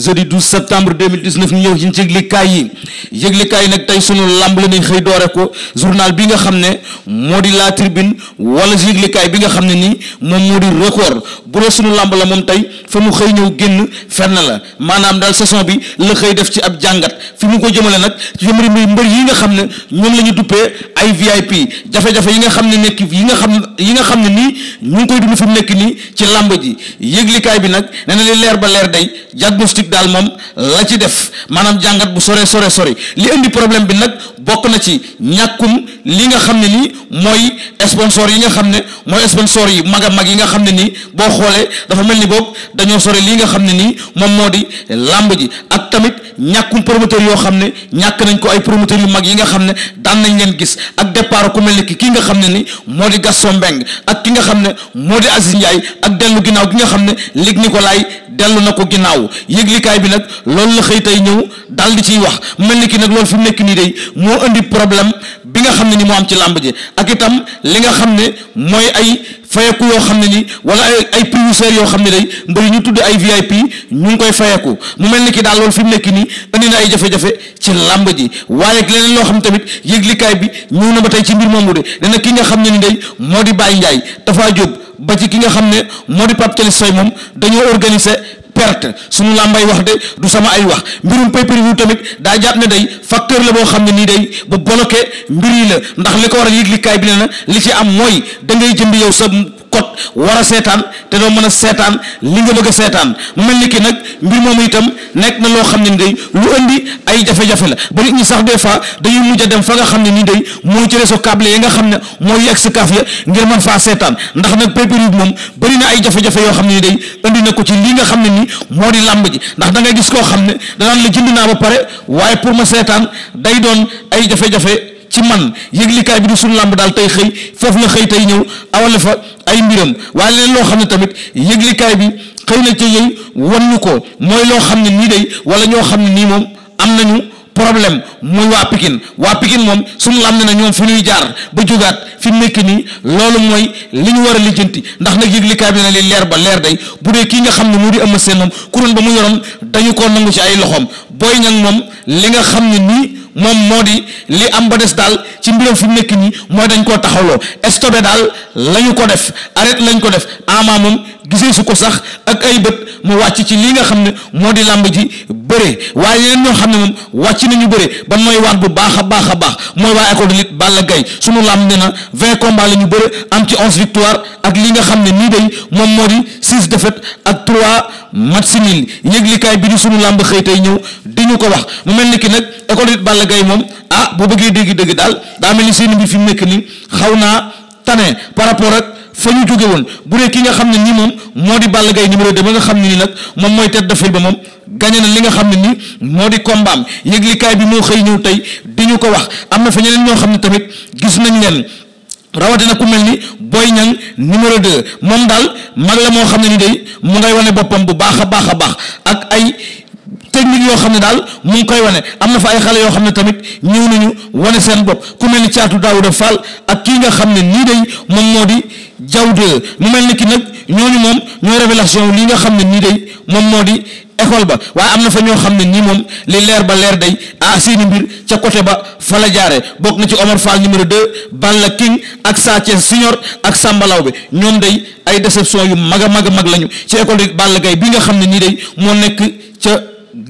jeudi 12 septembre 2019 ñëw ci yëglikaay yi nag tey sunu lamb la ñuy xëy doore ko journal bi nga xam ne moo di la tribune wala si yëglikaay bi nga xam ne nii moom moo di record bu dee lamb la moom tey fa mu xëy ñëw génn fenn la maanaam daal saison bi la xëy def ci ab jàngat fi mu ko jëmale nag jëmari muy mbër yi nga xam ne ñoom la ñu duppee ay VIP jafe-jafe yi nga xam ne nekk yi nga xam yi nga xam ne nii ñu ngi koy dund fi mu nekk nii ci làmb ji yëglikaay bi nag nee na leer ba leer day diagnostic politique daal moom la ci def maanaam jàngat bu sore sore sori li indi problème bi nag bokk na ci ñàkkum li nga xam ne nii mooy sponsor yi nga xam ne mooy sponsor yi mag a mag yi nga xam ne nii boo xoolee dafa mel ni boobu dañoo sore lii nga xam ne nii moom moo di làmb ji ak tamit ñàkkum promoteur yoo xam ne ñàkk nañ ko ay promoteur yu mag yi nga xam ne daal nañ leen gis ak départ ku ki ki nga xam ne ni moo di Gaston Mbengue ak ki nga xam ne moo di Aziz Ndiaye ak dellu ginnaaw ki nga xam ne Luc Nicolaï dellu na ko ginnaaw yëglikaay bi nag loolu la xëy tey ñëw daal di ciy wax mel ni ki nag loolu fi mu nekk nii de moo indi problème bi nga xam ne ni moo am ci làmb ji ak itam li nga xam ne mooy ay fayeku yoo xam ne ni wala ay ay prix yoo xam ne day mbëri ñu tudd ay VIP ñu ngi koy fayeku mu mel ni kii daal loolu fi mu nekk nii indi na ay jafe-jafe ci làmb ji waaye leneen loo xam tamit yëglikaay bi ñëw na ba tey ci mbir moomu de dana ki nga xam ne ni day moo di Baye Ndiaye Tafa Diop ba ci ki nga xam ne moo di Pape Thialis Seye moom dañoo organiser perte suñu làmbay wax de du sama ay wax mbirum pay per view tamit daa jàpp ne day facteur la boo xam ne nii day bu bloqué mbir la ndax li ko waral yëglikaay bi ne na li ci am mooy da jënd yow sa code war a seetaan te doo mën a seetaan li nga bëgg a seetaan mu mel ni ki nag mbir moomu itam nekk na loo xam ne ni day lu indi ay jafe-jafe la ba nit sax des fois dañuy mujj a dem fa nga xam ne nii day ci réseau câble yi nga xam ne mooy yegg si kaaf ya ngir mën faa seetaan ndax nag pay-per-view moom bëri na ay jafe-jafe yoo xam ne ni day indi na ko ci lii nga xam ne nii moo di làmb ji ndax da ngay gis koo xam ne danaan la jënd naa ba pare waaye pour ma seetaan day doon ay jafe-jafe ci man yëglikaay bi di suñu làmb daal tey xëy foofu la xëy tey ñëw awale fa ay mbiram waaye leen loo xam ne tamit yëglikaay bi xëy na ci yëy wan ñu ko mooy loo xam ne nii day wala ñoo xam ne nii moom am ñu problème mooy waa Pikine waa Pikine moom suñu lam ne na ñoom fi ñuy jaar ba jógaat fi nekk nii loolu mooy li ñu war a lijjanti ndax nag yëglikaay bi na li leer ba leer day bu dee kii nga xam ne moo di Eumeu Sène moom kuréel ba mu yoroon dañu koo nangu ci ay loxoom Boy Niang moom li nga xam ne nii moom moo di li am ba des daal ci mbiram fi mu nekk nii mooy dañ koo taxawloo stopé daal lañu ko def arrêté lañ ko def ama moom gisee su ko sax ak ay bët mu wàcc ci lii nga xam ne moo di làmb ji bëre waaye yeneen ñoo xam ne moom wàcc nañu bëre ba mooy waat bu baax a baax a baax mooy waa école de lutte gay su sunu làmb ne na vingt combats la ñu bëre am ci onze victoire ak li nga xam ne nii day moom moo di six défaites ak trois match nul yëglikaay bi di sunu làmb xëy tey ñëw di ñu ko wax mu mel ni ki nag école it Balla Gaye moom ah boo bëggee dégg dëgg daal daa mel ni seen mbir fi mu nekk nii xaw naa tane par rapport ak fa ñu jóge woon bu dee ki nga xam ne nii moom moo di Balla Gaye numéro deux ba nga xam ne nii nag moom mooy tête de file ba moom gagné na li nga xam ne nii moo di kombaam yëglikaay bi moo xëy ñëw tey di ñu ko wax am na fa ñeneen ñoo xam ne tamit gis nañ leen rawatina ku mel ni Boy Niang numéro 2 moom daal mag la moo xam ne ni day mu ngay wane boppam bu baax a baax a baax ak ay technique yoo xam ne daal mu ngi koy wane am na fa ay xale yoo xam ne tamit ñëw nañu wane seen bopp ku mel ni caatu Daouda Fall ak kii nga xam ne nii day moom moo di jaw de mu mel ni ki nag ñooñu moom ñooy révélation lii nga xam ne nii day moom moo di école ba waaye am na fa ñoo xam ne nii moom li leer ba leer day ah seeni mbir ca côté ba fa jaare bokk na ci Omar Fall numéro 2 Balla King ak Sa Thiès Senior ak Sambalaw bi ñoom day ay déception yu mag a mag a mag lañu ci école Balla Gaye bi nga xam ne nii day moo nekk ca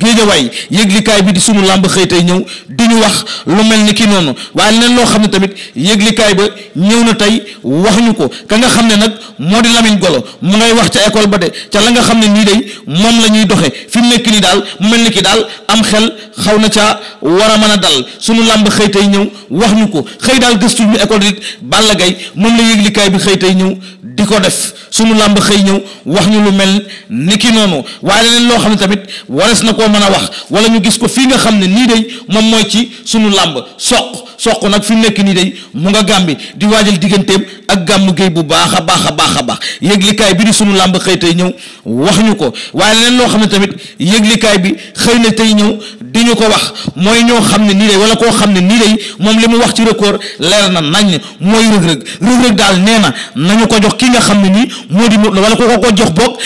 géejawaay yëglikaay bi di sunu làmb xëy tey ñëw di ñu wax lu mel ni ki noonu waaye leneen loo xam ne tamit yëglikaay ba ñëw na tey wax ñu ko ka nga xam ne nag moo di Lamine Golo mu ngay wax ca école ba de ca la nga xam ne nii day moom la ñuy doxe fi mu nekk nii daal mel ni ki daal am xel xaw na caa war a mën a dal sunu làmb xëy ñëw wax ñu ko xëy daal gëstu ñu école dit Balla moom la yëglikaay bi xëy tey ñëw di ko def sunu làmb xëy ñëw wax ñu lu mel ni ki noonu waaye leneen loo xam ne tamit wares na ko mën a wax wala ñu gis ko fi nga xam ne nii day moom mooy ci sunu làmb soq soq nag fi mu nekk nii day mu nga gàmbi di waajal digganteem ak gàmmu géey bu baax a baax a baax a baax yëglikaay bi di sunu làmb xëy tey ñëw wax ñu ko waaye leneen loo xam ne tamit yëglikaay bi xëy na tey ñëw di ñu ko wax mooy ñoo xam ne nii day wala koo xam ne nii day moom li mu wax ci record leer na nañ mooy rëg-rëg rëg-rëg daal nee na ko jox ki xam ne nii moo di wala ko ko jox boog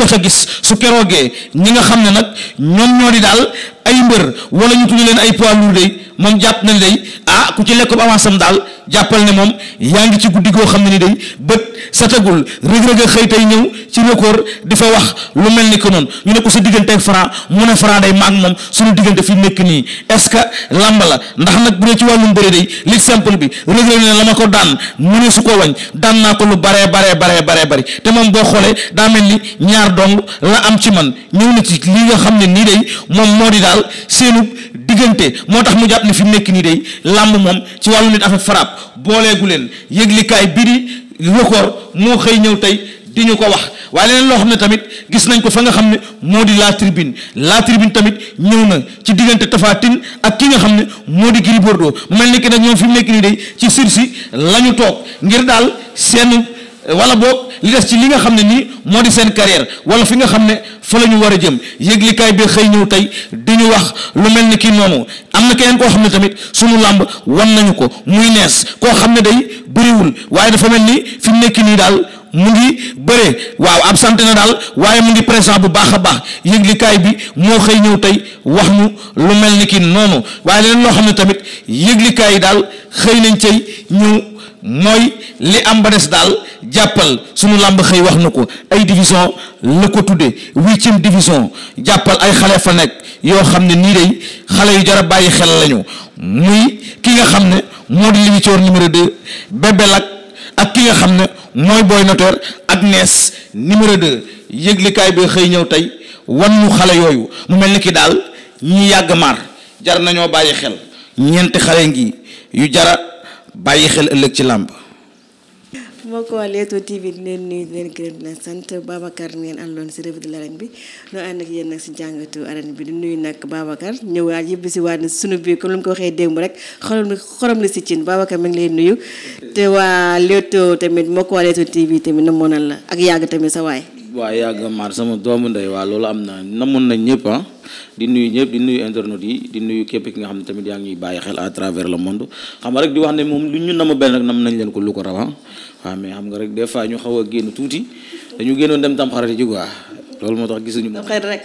ko sa gis su keroogee ñi nga xam ne nag ñoom ñoo di daal ay mbër wala ñu leen ay poids lourds day moom jàpp na day ah ku ci lekk bu avance am daal jàppal ne moom yaa ngi ci guddi goo xam ne ni day bët satagul rëg-rëg a xëy tey ñëw ci record di fa wax lu mel ni que noonu ñu ne ko sa diggante ak Franc mu ne Franc day maag moom nekk nii est-ce que làmb la ndax bu dee ci wàllum bëri day bi rëg-rëg ne mu ne su ko wañ daan naa ko lu baree baree baree baree bëri te moom boo xoolee daa mel ni ñaar dong la am ci man ñëw na ci li nga xam ne nii day moom moo di daal seenu diggante moo tax mu jàpp ne fi mu nekk nii day làmb moom ci wàllu nit affaire frappe booleegu leen yëglikaay biri record moo xëy ñëw tey di ñu ko wax waaye leneen loo xam ne tamit gis nañ ko fa nga xam ne moo di la tribune la tribune tamit ñëw na ci diggante Tapha Tine ak ki nga xam ne moo di Gris Bordeaux mel ni ki nag ñoom fi mu nekk nii day ci sursis la ñu toog ngir daal seen wala boog li des ci li nga xam ne nii moo di seen carrière wala fi nga xam ne fa la ñu war a jëm yëglikaay bi xëy ñëw tey di ñu wax lu mel ni kii noonu am na keneen koo xam ne tamit sunu làmb wan nañu ko muy nees koo xam ne day bëriwul waaye dafa mel ni fi mu nekk nii daal mu ngi bëre waaw absenté na daal waaye mu ngi présent bu baax a baax yëglikaay bi moo xëy ñëw tey wax ñu lu mel ni kii noonu waaye leneen loo xam ne tamit yëglikaay yi daal xëy nañ cay ñëw. mooy li am ba des daal jàppal suñu làmb xëy wax na ko ay division la ko tudde cim division jàppal ay xale fa nekk yoo xam ne nii day xale yu jara bàyyi xel lañu muy ki nga xam ne moo di Libidor numéro deux ak ki nga xam ne mooy Boy Notaire ak Nees numéro deux yëglikaay bi xëy ñëw tey wan ñu xale yooyu mu mel ni ki daal ñi yàgg maar jar nañoo bàyyi xel ñeenti xale ngi yu jara bàyyi xel ëllëg ci làmb mbokk waa Leewtoo TV di leen nuyu leen gërëm di sant Babacar ngeen àndoon si revue de l'arène bi ñu ànd ak yéen nag si jàngatu arène bi di nuyu nag Babacar ñëwaat yëpp si waat sunu biir comme lu mu ko waxee démb rek xorom xorom la si cin Babacar mi ngi lay nuyu te waa Leewtoo tamit mbokk waa Leewtoo TV tamit namoonal la ak yàgg tamit sa waay waaw yàgg maar sama doomu ndey waa loolu am na namoon nañ ñëpp ah di nuyu ñëpp di nuyu internet yi di nuyu képp ki nga xam ne tamit yaa ngi bàyyi xel à travers le monde xam nga rek di wax ne moom lu ñu nama benn rek nam nañ leen ko lu ko raw a ah. waaw mais xam nga rek des fois ñu xaw a génn tuuti dañu génnoon dem tam xarit ji quoi loolu moo tax gisuñu. tam xarit rek.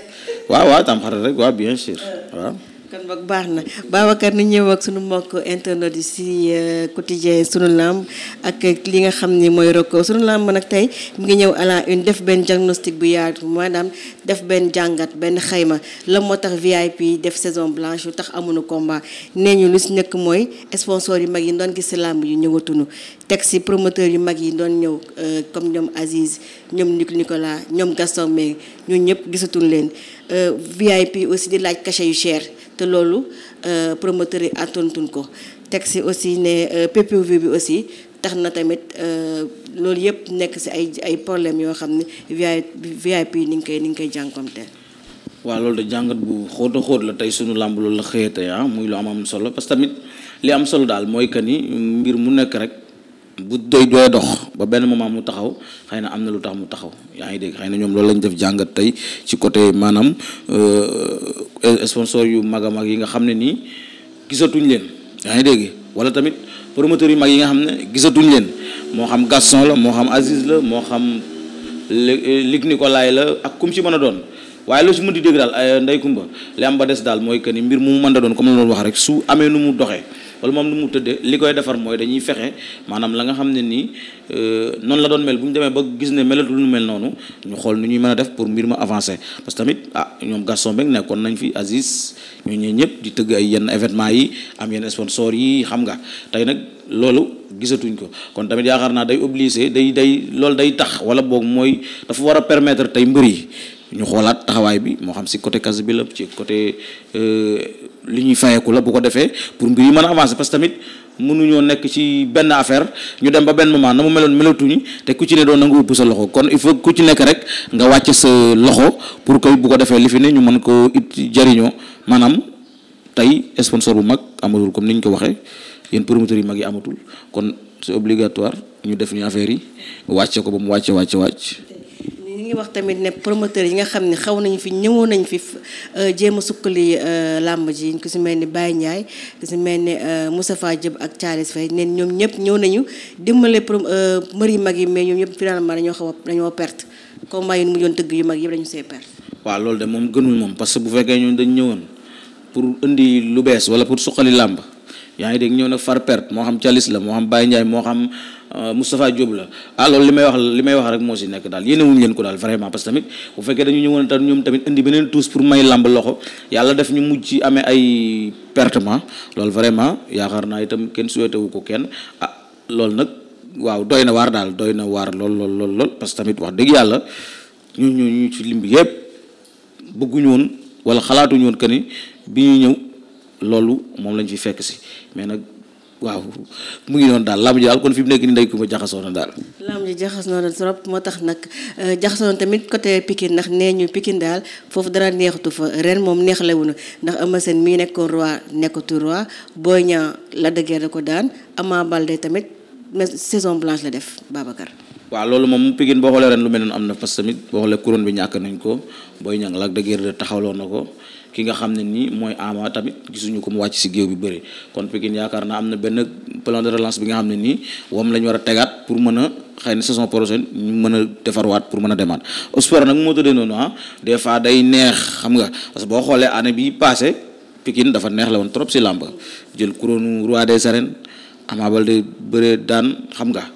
waa waa tam xarit rek waa bien sûr euh. waaw. kon baax na Babacar ni ñëw ak sunu mbokk internet yi si euh, quotidien sunu lamb ak li nga xam ni mooy roko sunu lamb nag tey mu ngi ñëw à la une def benn diagnostic bu yaatu maanaam def benn jàngat benn xayma la moo tax VIP def saison blanche yu tax amuñu combat nee ñu lu si nekk mooy sponsor yi mag yi doon gis si lamb yi ñëwatuñu teg si promoteur yu mag yi doon ñëw euh, comme ñoom Aziz ñoom Nicolas ñoom Gaston mais ñun ñëpp gisatul leen euh, VIP aussi di laaj cachet yu cher te loolu euh, promoteur yi àttontuñ ko teg si aussi ne PPV bi aussi tax na tamit loolu yëpp nekk si ay ay problèmes yoo xam ne VIP ni nga koy ni nga koy jànkonteel. waaw loolu de jàngat bu xóot a xóot la tey sunu làmb loolu la xëyate ah muy lu am am solo parce que tamit li am solo daal mooy que ni mbir mu nekk rek. bu doy dox ba benn moment mu taxaw xëy na am na lu tax mu taxaw yaa ngi dégg xay na ñoom loolu lañ def jàngat tey ci côté maanaam euh, sponsor yu mag a mag yi nga xam ne nii gisatuñ leen yaa ngi dégg wala tamit promoteurs yu mag yi nga xam ne gisatuñ leen moo xam Gaston la moo xam Aziz la moo xam Luc Nicolaï la ak kum ci mën a doon waaye loo ci mën di dégg daal euh, ndey Kumba li am ba des daal mooy que ni mbir mu mën a doon comme la doon wax rek su amee nu mu doxee wala moom lu mu tëddee li koy defar mooy dañuy fexe maanaam la nga xam ne nii euh, noonu la doon mel bu ñu demee ba gis ne melatul lu mel noonu ñu xool nu ñuy mën a def pour mbir ma avancé parce que tamit ah ñoom Gaston Mbengue nekkoon nañ fi Aziz ñoo ñee ñëpp di tëgg ay yenn événement yi am yenn sponsor yi xam nga tey nag loolu gisatuñ ko kon tamit yaakaar naa day obliser day day loolu day tax wala boog mooy dafa war a permettre tey mbër yi ñu xoolaat taxawaay bi moo xam si côté kas bi la ci côté euh, li ñuy fayeeku la bu ko defee pour mbir yi mën a avancer parce que tamit mënuñoo nekk ci benn affaire ñu dem ba benn moment na mu meloon melatuñu te ku ci ne doon nangu ubbi sa loxo kon il faut ku ci nekk rek nga wàcce sa loxo pour que bu ko defee li fi ne ñu mën ko it jariñoo maanaam tey sponsor bu mag amatul comme ni ñu ko waxee yéen promoteurs yi mag yi amatul kon c'est obligatoire ñu def ñu affaire yi wàcce ko ba mu wàcce wàcce wàcc ñu ngi wax tamit ne promoteur yi nga xam ne xaw nañu fi ñëwoon nañu fi euh, jéem a sukkali euh, làmb ji ku si mel ni Baye Ndiaye ku si mel ni euh, Moustapha Diop ak Thialis neen ñoom ñëpp ñëw nañu dimbale mbër yu mag yi mais ñoom ñëpp finalement dañoo xaw a dañoo perte combat yu mujjoon tëgg yu mag yëpp dañu see perte. waaw lool de moom gënul moom parce que bu fekkee ñun dañ ñëwoon pour indi lu bees wala pour suqali làmb yaa ngi dégg ñëw na far perte moo xam Thialis la moo xam Baye Ndiaye moo xam. Euh, Moustapha Diop la ah loolu li may wax li may wax rek moo si nekk daal yéene wuñu leen ko daal vraiment parce que tamit bu fekkee dañu ñëwoon tam ñoom yàlla def ñu mujj ci amee ay pertement loolu vraiment yaakaar naa itam kenn souhaité wu ko kenn ah, loolu nag waaw doy na waar daal doy na waar lool lool lool lool parce que tamit wax dëgg yàlla ñu ñu ñu ci lim bi yëpp bëgguñu woon wala xalaatuñu woon que ni bi ñu ñëw loolu moom lañ fi fekk si mais nag. waaw mu ngi noonu daal lamb ji daal kon fi mu nekk nii ndey ku jaxasoo na daal. lamb ji jaxasoo na trop moo tax nag euh, jaxasoo na tamit côté Pikine ndax nee ñu Pikine daal foofu dara neexatu fa ren moom neexlewuñu ndax Eumeu Sène mii nekkoon roi nekkatu roi booy Niang la dëggee da ko daan Ama balde tamit saison blanche la def Babacar. waaw loolu moom Pikine boo xoolee ren lu mel noonu am na parce que tamit boo xoolee couronne bi ñàkk nañ ko Boy Niang Lac de Guiers taxawloo na ko ki nga xam ne nii mooy Ama tamit gisuñu ko mu wàcc si géew bi bëri kon Pikine yaakaar naa am na benn plan de relance bi nga xam ne nii moom la ñu war a tegaat pour mën a xëy na saison prochaine ñu mën a defarwaat pour mën a demaat sport nag moo tëddee noonu ah des fois day neex xam nga parce que boo xoolee année bi passé Pikine dafa neex la woon trop si làmb jël couronne roi des arènes Ama Baldé bëre daan xam nga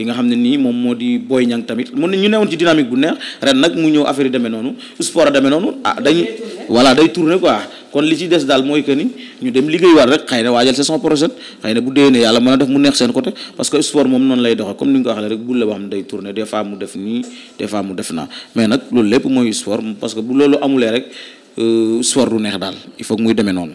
ki nga xam ne nii moom moo di Boy Niang tamit mun ñu newoon ci dynamique bu neex ren nag mu ñëw affaire yi demee noonu sport a demee noonu ah dañuy voilà day tourner quoi kon li ci des daal mooy que ni ñu dem liggéeyuwaat rek xëy na waajal saison prochaine xëy na bu déwénee yàlla mën a def mu neex seen côté parce que sport moom noonu lay doxee comme ni nga ko waxee rek bul la boo xam ne day tourner des fois mu def nii des fois mu def naa mais nag loolu lépp mooy sport parce que loolu amulee rek euh, sport neex daal il faut muy demee noonu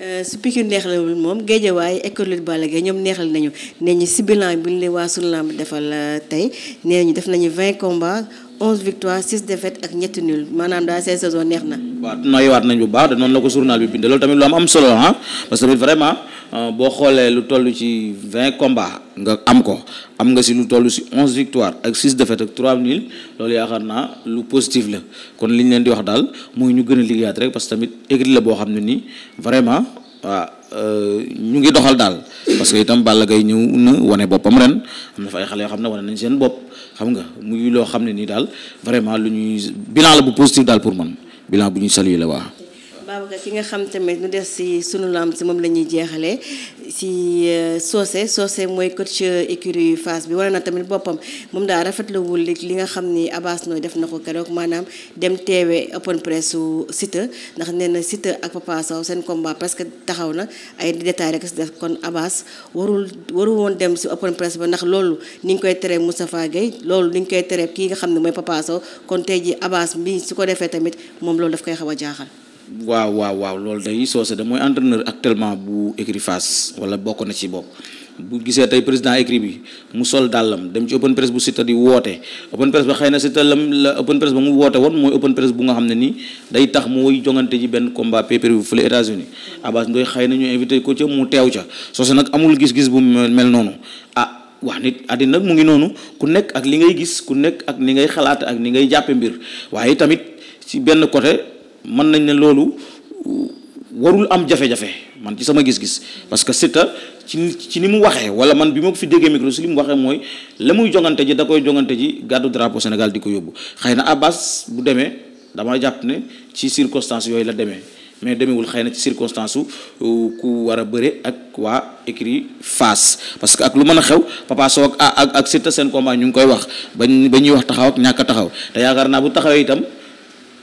Euh, su Pikine neexal moom Guédiawaye école de Balla Gaye ñoom neexal nañu nee ñu si bilan bi ne waa sunu lamb defal euh, tey nee ñu def nañu 20 combats 11 victoires 6 défaites ak ñetti nul maanaam daal seen saison neex na. waaw nooy waat nañ bu baax de noonu la ko journal bi bindee loolu tamit lu am am solo ah parce que tamit vraiment. Euh, boo xoolee lu toll ci vingt combats nga am ko am nga si lu toll si onze victoire ak six défaites ak trois nuls loolu yaakaar naa lu positif la kon li ñu leen di wax daal mooy ñu gën a liggéeyaat rek parce que tamit écurie la boo xam ne nii vraiment waaw euh, ñu ngi doxal daal parce que itam Balla Gaye ñëw na wane boppam ren am na fa ay xale yoo xam ne wane nañ seen bopp xam nga muy loo xam ne nii daal vraiment lu ñuy bilan la bu positif daal pour man bilan bu ñuy saluer la waa Babacar ki nga xam tamit nu des si sunu lamb si moom la ñuy jeexalee euh, si soose Socé mooy coach écurie Fass bi wane na tamit boppam moom daal rafetluwul li nga xam ni Abass Ndooy def na ko keroog maanaam dem teewe open press su Siteu ndax nee na Siteu ak Papa seen combat parce que taxaw na ay détails rek si def kon Abass warul waru woon dem si open press ba ndax loolu ni ñu koy teree Moustapha Gueye loolu ni ñu koy teree kii nga xam ne mooy Papa Sow kon tey bi su ko tamit moom loolu daf koy xaw a jaaxal. waaw waaw waaw loolu day soose da mooy entraîneur actuellement bu écurie Fass wala bokk na ci bopp bu gisee tey président écurie bi mu sol dàllam dem ci open press bu Siteu di woote open press ba xëy na Siteu lam la open press ba mu woote woon mooy open press bu nga xam ne nii day tax mooy jongante ji benn combat pay-per-view bu fële États-Unis Abass Ndoye xëy na ñu invité ko mu teew ca soose nag amul gis-gis bu mel noonu ah wax nit addina mu ngi noonu ku nekk ak li ngay gis ku nekk ak ni ngay xalaat ak ni ngay jàppe mbir waaye tamit ci benn côté mën nañ ne loolu warul am jafe-jafe man ci sama gis-gis parce que Siteu ci ci ni mu waxee wala man bi ma fi déggee micro si li mu waxee mooy la muy jongante ji da koy jongante ji gàddu drapeau Sénégal di ko yóbbu xëy na Abbas bu demee dama jàpp ne ci circonstance yooyu la demee mais demewul xëy na ci circonstance su euh, ku war a bëre ak waa écrit face parce que ak lu mën a xew Papa ak ak ak Siteu seen combat ñu ngi koy wax bañ ba ñuy wax taxaw ak ñàkk taxaw te yaakaar naa bu itam.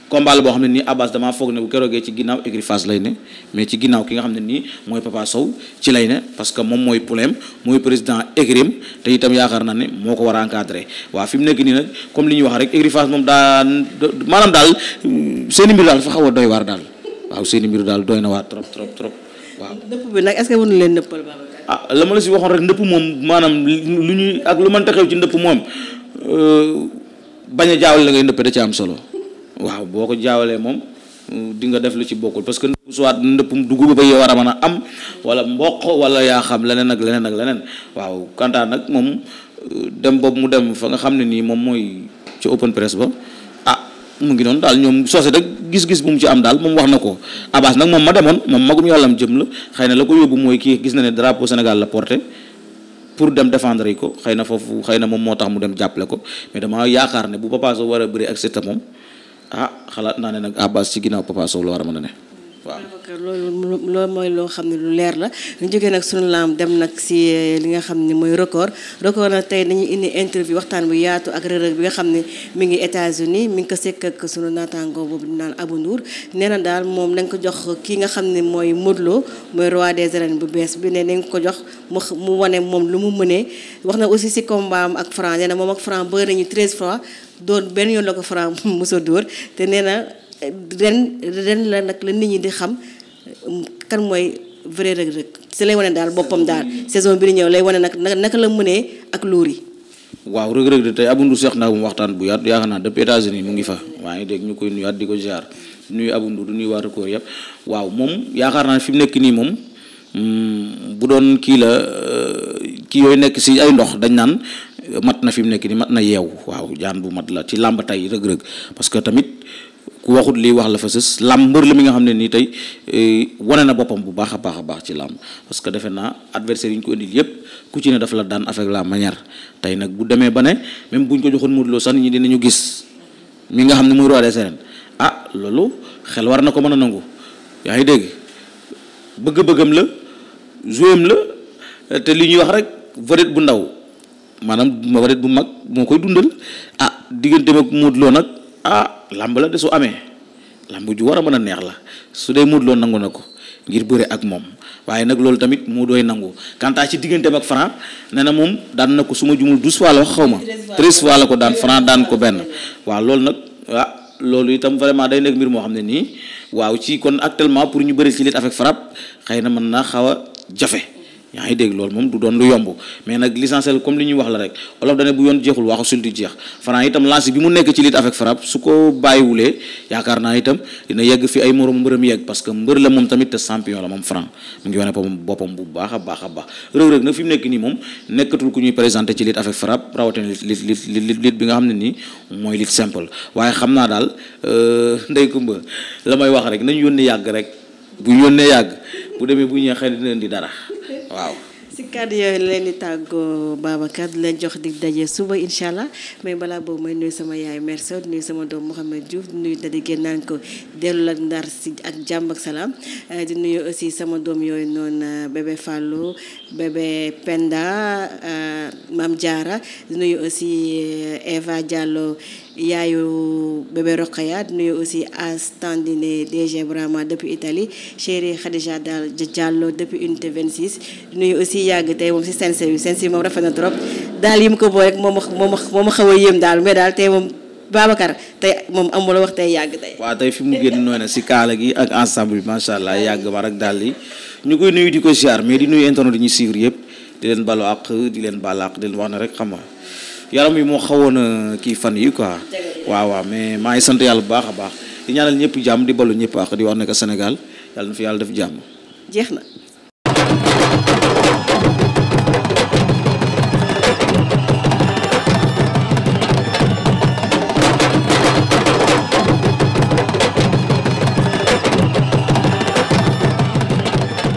combat la boo xam ne nii Abbas damaa foog ne bu keroogee ci ginnaaw écurie lay ne mais ci ginnaaw ki nga xam ne nii mooy Papa Sow ci lay ne parce que moom mooy problème mooy président écurie te itam yaakaar naa ne moo ko war a encadré waaw fi mu nekk nii nag comme li ñuy wax rek écurie Fass moom maanaam daal euh, seeni mbir daal xaw a doy waar daal waaw seeni mbir daal doy na waar trop trop trop waaw. dëpp bi nag est-ce que ah, ma la si waxoon rek ndëpp moom maanaam lu ñuy ak lu mënta xew ci ndëpp moom euh, bañ a jaawale la ngay ndëpp da ci am solo. waaw boo ko jaawalee moom di nga def lu ci bokkul parce que soit ndëppum dugub ba yow war a mën a am wala mboq wala yaa xam leneen ak leneen ak leneen waaw kantaan nag moom dem boobu mu dem fa nga xam ne nii moom mooy ci open press ba ah mu ngi noonu daal ñoom soose rek gis-gis bu mu ci am daal moom wax na ko Abass nag moom ma demoon moom magum yàllam jëm la xëy na la ko yóbbu mooy kii gis na ne drapeau Sénégal la porté pour dem defendre yi ko xëy na foofu xëy na moom moo tax mu dem jàppale ko mais yaakaar ne bu Papa Sow war bëri ak moom ah xalaat naa ne nag Abbas ci ginnaaw Papa Sow war a ne. loolu loolu mooy loo xam ne lu leer la ñu jógee nag sunu laam dem nag si eh, li nga xam ne mooy record record na tey dañuy indi interview waxtaan bu yaatu ak Reug bi nga xam ne mi ngi États-Unis mi ngi ko sekk ak sunu naataango boobu di naan abu Ndour nee na daal moom nañ ko jox kii nga xam ne mooy Modou mooy roi des arènes bu bees bi ne nañ ko jox mu mu wane moom lu mu mënee wax na aussi si combat am ak Franc nee na moom ak Franc bëri nañu 13 fois doon benn yoon la ko Franc mos a dóor te nee na eh, ren ren nag la nit ñi di xam kan mooy vrai Reug Reug si lay wane daal boppam daal saison bi di ñëw lay wane nag naka la mënee ak luur waaw Reug Reug de tey abundu seex naa bu waxtaan bu yaatu yaakaar naa depuis États-Unis mu ngi fa maa ngi dégg ñu koy nuyaat di ko ziar nuyu abundu du nuyu waa Record yëpp waaw moom yaakaar naa fi mu nekk nii moom mm, bu doon kii la euh, kii yooyu nekk si ay ndox dañ naan mat na fi mu nekk nii mat na yeew waaw jaan bu mat la ci làmb tey Reug Reug parce tamit. ku waxut lii wax la fa sës làmb mbër la mi nga xam ne nii tey eh, wane na boppam bu baax a baax a baax ci làmb parce que defe naa adversaire yi ñu ko indil yépp ku ci ne dafa la daan avec la manière tey nag bu demee ba ne même bu ñu ko joxoon Modou Lo sax nit ñi dinañu gis mi nga xam ne muy roi des arènes ah loolu xel war na ko mën a nangu yaa ngi dégg bëgg-bëggam la jouem la te li ñuy wax rek vedette bu ndaw maanaam vedette bu mag moo koy dundal ah diggante mag Modou Lo nag ah, làmb la de su amee làmb ju war a mën a neex la su dee Modou Lo nangu na ko ngir bëre ak moom waaye nag loolu tamit moo dooy nangu quant à ci digganteem ak Franc nee na moom daan na ko su ma jumul douze fois la wax xaw ma treize fois la ko daan Franc daan ko benn waa loolu nag ah loolu itam vraiment day nekk mbir moo xam ne nii waaw ci kon actuellement pour ñu bëri ci lutte avec farab xëy na mën naa xaw a jafe ñaa ngi dégg loolu moom du doon lu yomb mais nag l'essentiel comme li ñuy wax la rek olof dane bu yoon jeexul waxu sul di jeex Franc itam lancé bi mu nekk ci lutte avec frappe su naa itam dina yegg fi ay moroom mbërëm yegg parce que mbër la moom tamit te champion la moom Franc mu ngi wane boppam bu baax nii moom nekkatul ku ñuy présenté ci lutte avec frappe rawatina lutte lutte lutte lutte bi nga xam ne nii mooy naa daal euh, ndey kumba la may wax rek nañ yónnee yàgg rek bu yónnee yàgg bu demee bu ñëwee xëy na dina indi dara waaw. si kàddu yooyu leen di tàggoo Babacar di jox di daje suba incha allah mais balaa boobu may nuy sama yaay mère Sow nuyu sama doom Mouhamed Diouf di nuyu Dadi Guèye naan ko dellu la ndar si ak jàmm ak salaam euh, di nuyu aussi sama doom yooyu noonu euh, bébé Fallou bébé Penda euh, Mame jaara di nuyu aussi Eva Diallo. yaayu bébé Rokhaya di nuyu aussi Astandine DG Brahma depuis Italie chérie Khadija daal Diallo depuis unité 26 di nuyu aussi yàgg tey moom si sense bi sense bi moom rafet na trop daal yi mu ko boo rek moom a moom xaw a yéem daal mais daal tey moom Babacar tey moom amula wax tey yàgg tey. waaw tey fi mu génn nooy na si kaala gi ak ensemble bi macha allah yàgg ba rek daal di ñu koy nuyu di ko ziar mais di nuyu internet di ñu suivre yëpp di leen baloo ak di leen balaax di leen wax na rek xam nga yaram yi moo xawoon a kii fan yi quoi waaw waaw mais maa ngi sant yàlla bu baax a baax di ñaanal ñëpp jàmm di balu ñëpp a di wax ne que Sénégal yàlla na fi yàlla def jàmm jeex na